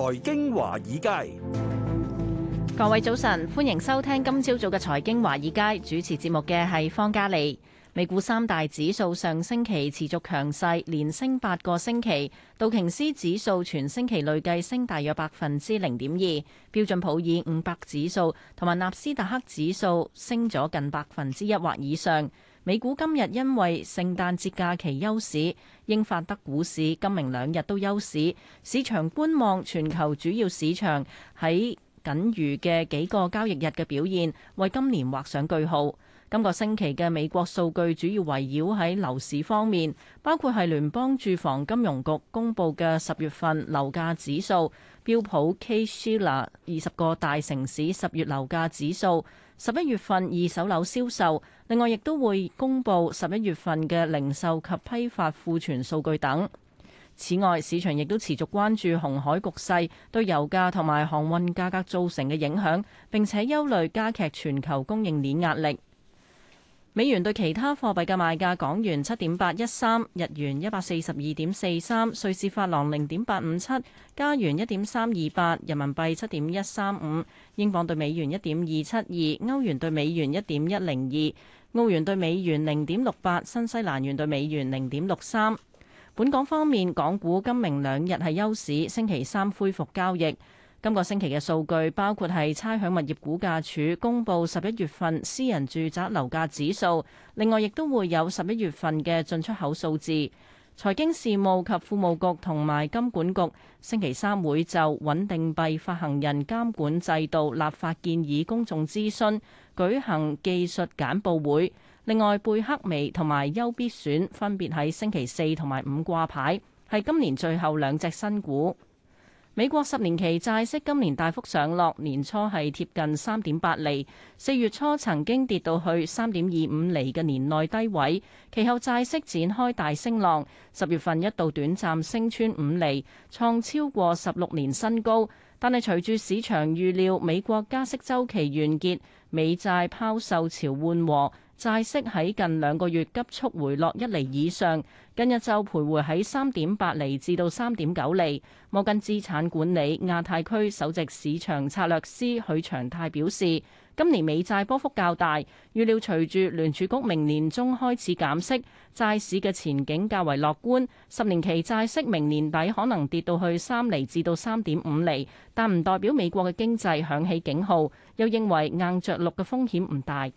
財經華爾街，各位早晨，歡迎收聽今朝早嘅財經華爾街。主持節目嘅係方嘉利。美股三大指數上星期持續強勢，連升八個星期。道瓊斯指數全星期累計升大約百分之零點二，標準普爾五百指數同埋納斯達克指數升咗近百分之一或以上。美股今日因為聖誕節假期休市，英法德股市今明兩日都休市。市場觀望全球主要市場喺僅餘嘅幾個交易日嘅表現，為今年畫上句號。今、這個星期嘅美國數據主要圍繞喺樓市方面，包括係聯邦住房金融局公布嘅十月份樓價指數、標普 Case-Shiller 二十個大城市十月樓價指數。十一月份二手樓銷售，另外亦都會公布十一月份嘅零售及批發庫存數據等。此外，市場亦都持續關注紅海局勢對油價同埋航運價格造成嘅影響，並且憂慮加劇全球供應鏈壓力。美元對其他貨幣嘅賣價：港元七點八一三，日元一百四十二點四三，瑞士法郎零點八五七，加元一點三二八，人民幣七點一三五，英鎊對美元一點二七二，歐元對美元一點一零二，澳元對美元零點六八，新西蘭元對美元零點六三。本港方面，港股今明兩日係休市，星期三恢復交易。今個星期嘅數據包括係差餉物業估價署公佈十一月份私人住宅樓價指數，另外亦都會有十一月份嘅進出口數字。財經事務及庫務局同埋金管局星期三會就穩定幣發行人監管制度立法建議公眾諮詢舉行技術簡報會。另外，貝克微同埋優必選分別喺星期四同埋五掛牌，係今年最後兩隻新股。美國十年期債息今年大幅上落，年初係貼近三點八厘，四月初曾經跌到去三點二五厘嘅年內低位，其後債息展開大升浪，十月份一度短暫升穿五厘，創超過十六年新高。但係隨住市場預料，美國加息週期完結，美債拋售潮緩和。債息喺近兩個月急速回落一厘以上，近日就徘徊喺三點八厘至到三點九厘。摩根資產管理亞太區首席市場策略師許長泰表示，今年美債波幅較大，預料隨住聯儲局明年中開始減息，債市嘅前景較為樂觀。十年期債息明年底可能跌到去三厘至到三點五厘，但唔代表美國嘅經濟響起警號，又認為硬着陸嘅風險唔大。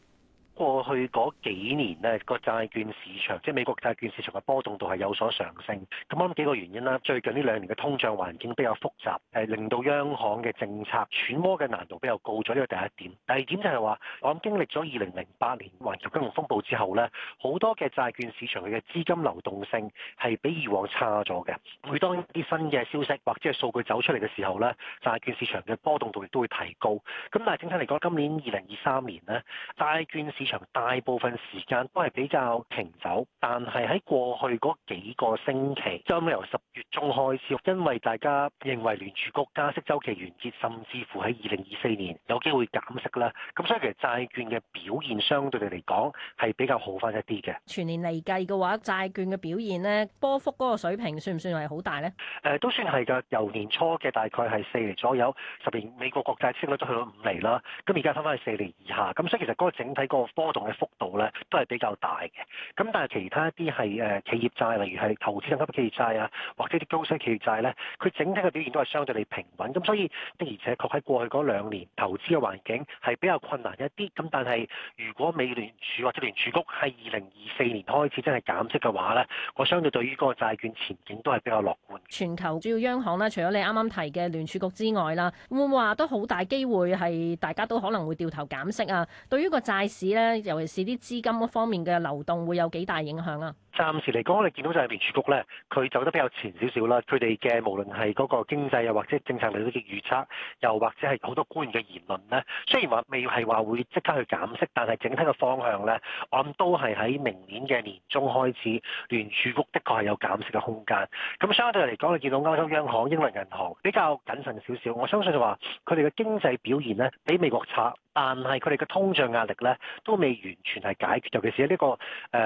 過去嗰幾年呢個債券市場即係美國債券市場嘅波動度係有所上升。咁我諗幾個原因啦。最近呢兩年嘅通脹環境比較複雜，係令到央行嘅政策揣摩嘅難度比較高咗。呢個第一點。第二點就係話，我諗經歷咗二零零八年環球金融風暴之後呢，好多嘅債券市場佢嘅資金流動性係比以往差咗嘅。每當一啲新嘅消息或者係數據走出嚟嘅時候呢，債券市場嘅波動度亦都會提高。咁但係整體嚟講，今年二零二三年呢，債券市市場大部分時間都係比較停走，但係喺過去嗰幾個星期，就由十月中開始，因為大家認為聯儲局加息週期完結，甚至乎喺二零二四年有機會減息啦。咁所以其實債券嘅表現相對嚟講係比較好翻一啲嘅。全年嚟計嘅話，債券嘅表現咧，波幅嗰個水平算唔算係好大呢？誒、呃，都算係噶。由年初嘅大概係四厘左右，十年美國國債升到咗去到五釐啦。咁而家翻翻去四厘以下，咁所以其實嗰個整體個波動嘅幅度咧，都係比較大嘅。咁但係其他一啲係誒企業債，例如係投資等級嘅企業債啊。呢啲高息企業債呢，佢整體嘅表現都係相對地平穩，咁所以的而且確喺過去嗰兩年投資嘅環境係比較困難一啲，咁但係如果美聯儲或者聯儲局喺二零二四年開始真係減息嘅話呢，我相對對於嗰個債券前景都係比較樂觀。全球主要央行呢，除咗你啱啱提嘅聯儲局之外啦，會唔會話都好大機會係大家都可能會掉頭減息啊？對於個債市呢，尤其是啲資金方面嘅流動，會有幾大影響啊？暫時嚟講，我哋見到就係聯儲局咧，佢走得比較前少少啦。佢哋嘅無論係嗰個經濟又或者政策利率嘅預測，又或者係好多官員嘅言論咧，雖然話未係話會即刻去減息，但係整體嘅方向咧，我諗都係喺明年嘅年中開始，聯儲局的確係有減息嘅空間。咁相對嚟講，你見到歐洲央行、英倫銀行比較謹慎少少。我相信就話佢哋嘅經濟表現咧，比美國差，但係佢哋嘅通脹壓力咧，都未完全係解決。尤其是呢個誒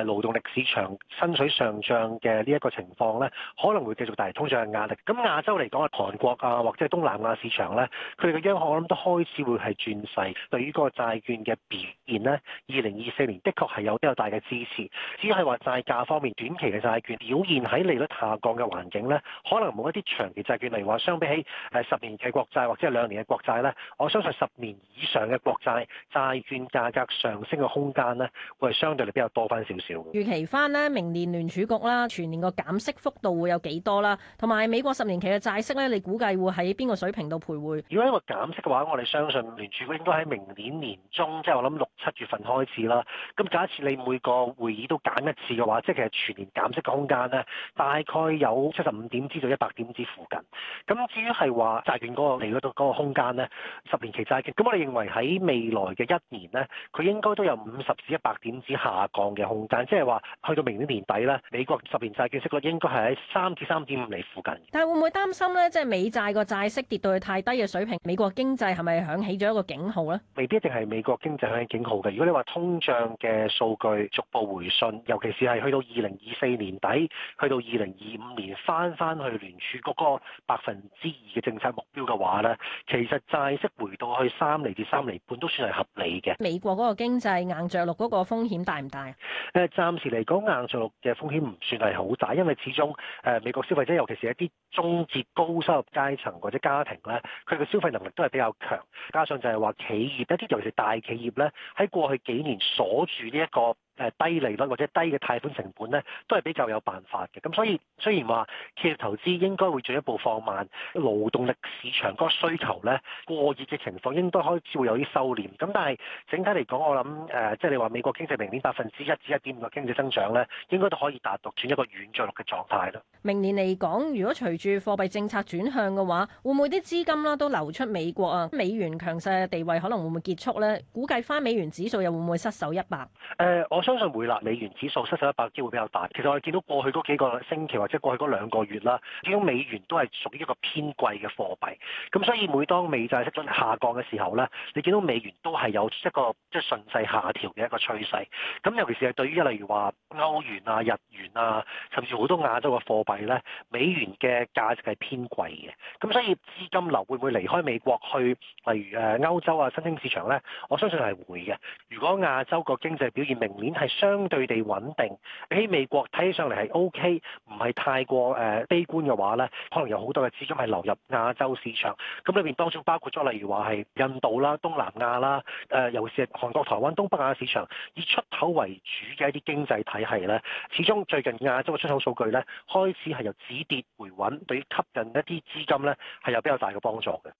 勞動力市場。薪水上漲嘅呢一個情況咧，可能會繼續帶嚟通脹嘅壓力。咁亞洲嚟講啊，韓國啊，或者係東南亞市場呢，佢哋嘅央行我諗都開始會係轉勢。對於個債券嘅表現呢，二零二四年的確係有比較大嘅支持。至於係話債價方面，短期嘅債券表現喺利率下降嘅環境呢，可能冇一啲長期債券，例如話相比起誒十年期國債或者係兩年嘅國債呢，我相信十年以上嘅國債債券價格上升嘅空間呢，會係相對嚟比較多返少少。預期返呢，明年聯儲局啦，全年個減息幅度會有幾多啦？同埋美國十年期嘅債息咧，你估計會喺邊個水平度徘徊？如果一個減息嘅話，我哋相信聯儲局應該喺明年年中，即係我諗六七月份開始啦。咁假設你每個會議都減一次嘅話，即係其實全年減息空間咧，大概有七十五點至到一百點子附近。咁至於係話債券嗰個嚟嗰度嗰個空間咧，十年期債券，咁我哋認為喺未來嘅一年咧，佢應該都有五十至一百點子下降嘅空間，即係話去到明年年。年底咧，美國十年債券息率應該係喺三至三點五厘附近。但係會唔會擔心咧？即係美債個債息跌到去太低嘅水平，美國經濟係咪響起咗一個警號咧？未必一定係美國經濟響起警號嘅。如果你話通脹嘅數據逐步回順，尤其是係去到二零二四年底，去到二零二五年翻翻去聯儲嗰個百分之二嘅政策目標嘅話咧，其實債息回到去三厘至三厘半都算係合理嘅。美國嗰個經濟硬着陸嗰個風險大唔大？誒，暫時嚟講硬着陸嘅風險唔算係好大，因為始終誒美國消費者，尤其是一啲中至高收入階層或者家庭咧，佢嘅消費能力都係比較強。加上就係話企業一啲，尤其是大企業咧，喺過去幾年鎖住呢、這、一個。誒低利率或者低嘅貸款成本咧，都係比較有辦法嘅。咁所以雖然話企業投資應該會進一步放慢，勞動力市場嗰個需求咧，過熱嘅情況應該開始會有啲收斂。咁但係整體嚟講，我諗誒，即係你話美國經濟明年百分之一至一點五嘅經濟增長咧，應該都可以達到轉一個軟著陸嘅狀態啦。明年嚟講，如果隨住貨幣政策轉向嘅話，會唔會啲資金啦都流出美國啊？美元強勢嘅地位可能會唔會結束咧？估計返美元指數又會唔會失守一百？誒，我。相信會啦，美元指數失守一百機會比較大。其實我哋見到過去嗰幾個星期或者過去嗰兩個月啦，見到美元都係屬於一個偏貴嘅貨幣。咁所以每當美債息率下降嘅時候呢，你見到美元都係有一個即係順勢下調嘅一個趨勢。咁尤其是係對於例如話歐元啊、日元啊，甚至好多亞洲嘅貨幣呢，美元嘅價值係偏貴嘅。咁所以資金流會唔會離開美國去例如誒歐洲啊、新興市場呢，我相信係會嘅。如果亞洲個經濟表現明年，係相對地穩定，比起美國睇起上嚟係 OK，唔係太過誒悲觀嘅話呢，可能有好多嘅資金係流入亞洲市場咁，裏面當中包括咗例如話係印度啦、東南亞啦，誒、呃、尤其是韓國、台灣、東北亞市場以出口為主嘅一啲經濟體系呢，始終最近亞洲嘅出口數據呢，開始係由止跌回穩，對於吸引一啲資金呢，係有比較大嘅幫助嘅。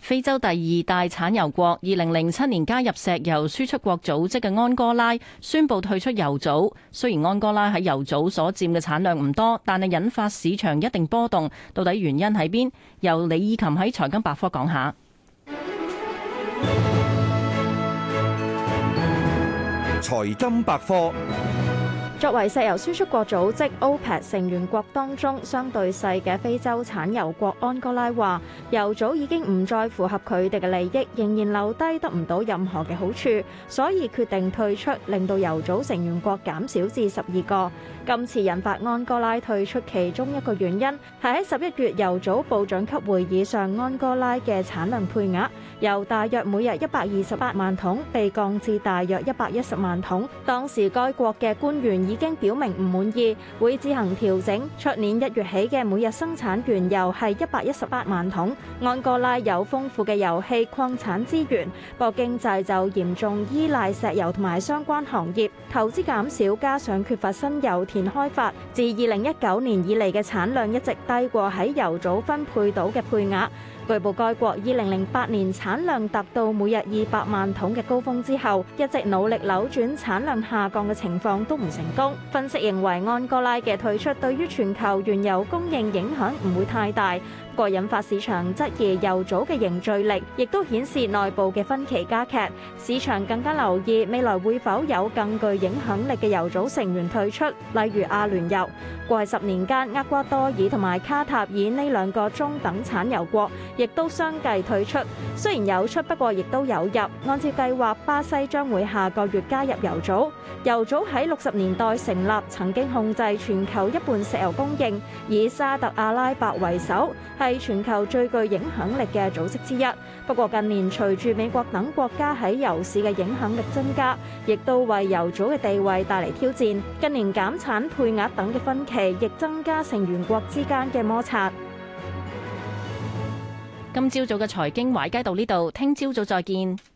非洲第二大產油國，二零零七年加入石油輸出國組織嘅安哥拉宣布退出油組。雖然安哥拉喺油組所佔嘅產量唔多，但係引發市場一定波動。到底原因喺邊？由李以琴喺財金百科講下。財金百科。作為石油輸出國組織 OPEC 成員國當中相對細嘅非洲產油國安哥拉話，油組已經唔再符合佢哋嘅利益，仍然留低得唔到任何嘅好處，所以決定退出，令到油組成員國減少至十二個。今次引發安哥拉退出其中一個原因，係喺十一月油組部長級會議上，安哥拉嘅產能配額由大約每日一百二十八萬桶被降至大約一百一十萬桶。當時該國嘅官員，已經表明唔滿意，會自行調整。出年一月起嘅每日生產原油係一百一十八萬桶。安哥拉有豐富嘅油氣礦產資源，博經濟就嚴重依賴石油同埋相關行業，投資減少，加上缺乏新油田開發，自二零一九年以嚟嘅產量一直低過喺油組分配到嘅配額。據報，該國二零零八年產量達到每日二百萬桶嘅高峰之後，一直努力扭轉產量下降嘅情況都唔成功。分析認為，安哥拉嘅退出對於全球原油供應影響唔會太大。各引發市場質疑油組嘅凝聚力亦都顯示內部嘅分歧加劇，市場更加留意未來會否有更具影響力嘅油組成員退出，例如阿聯酋過去十年間、厄瓜多爾同埋卡塔爾呢兩個中等產油國亦都相繼退出。雖然有出，不過亦都有入，按照計劃，巴西將會下個月加入油組。油組喺六十年代成立，曾經控制全球一半石油供應，以沙特阿拉伯為首係全球最具影響力嘅組織之一，不過近年隨住美國等國家喺油市嘅影響力增加，亦都為油組嘅地位帶嚟挑戰。近年減產配額等嘅分歧，亦增加成員國之間嘅摩擦。今朝早嘅財經華爾街到呢度，聽朝早再見。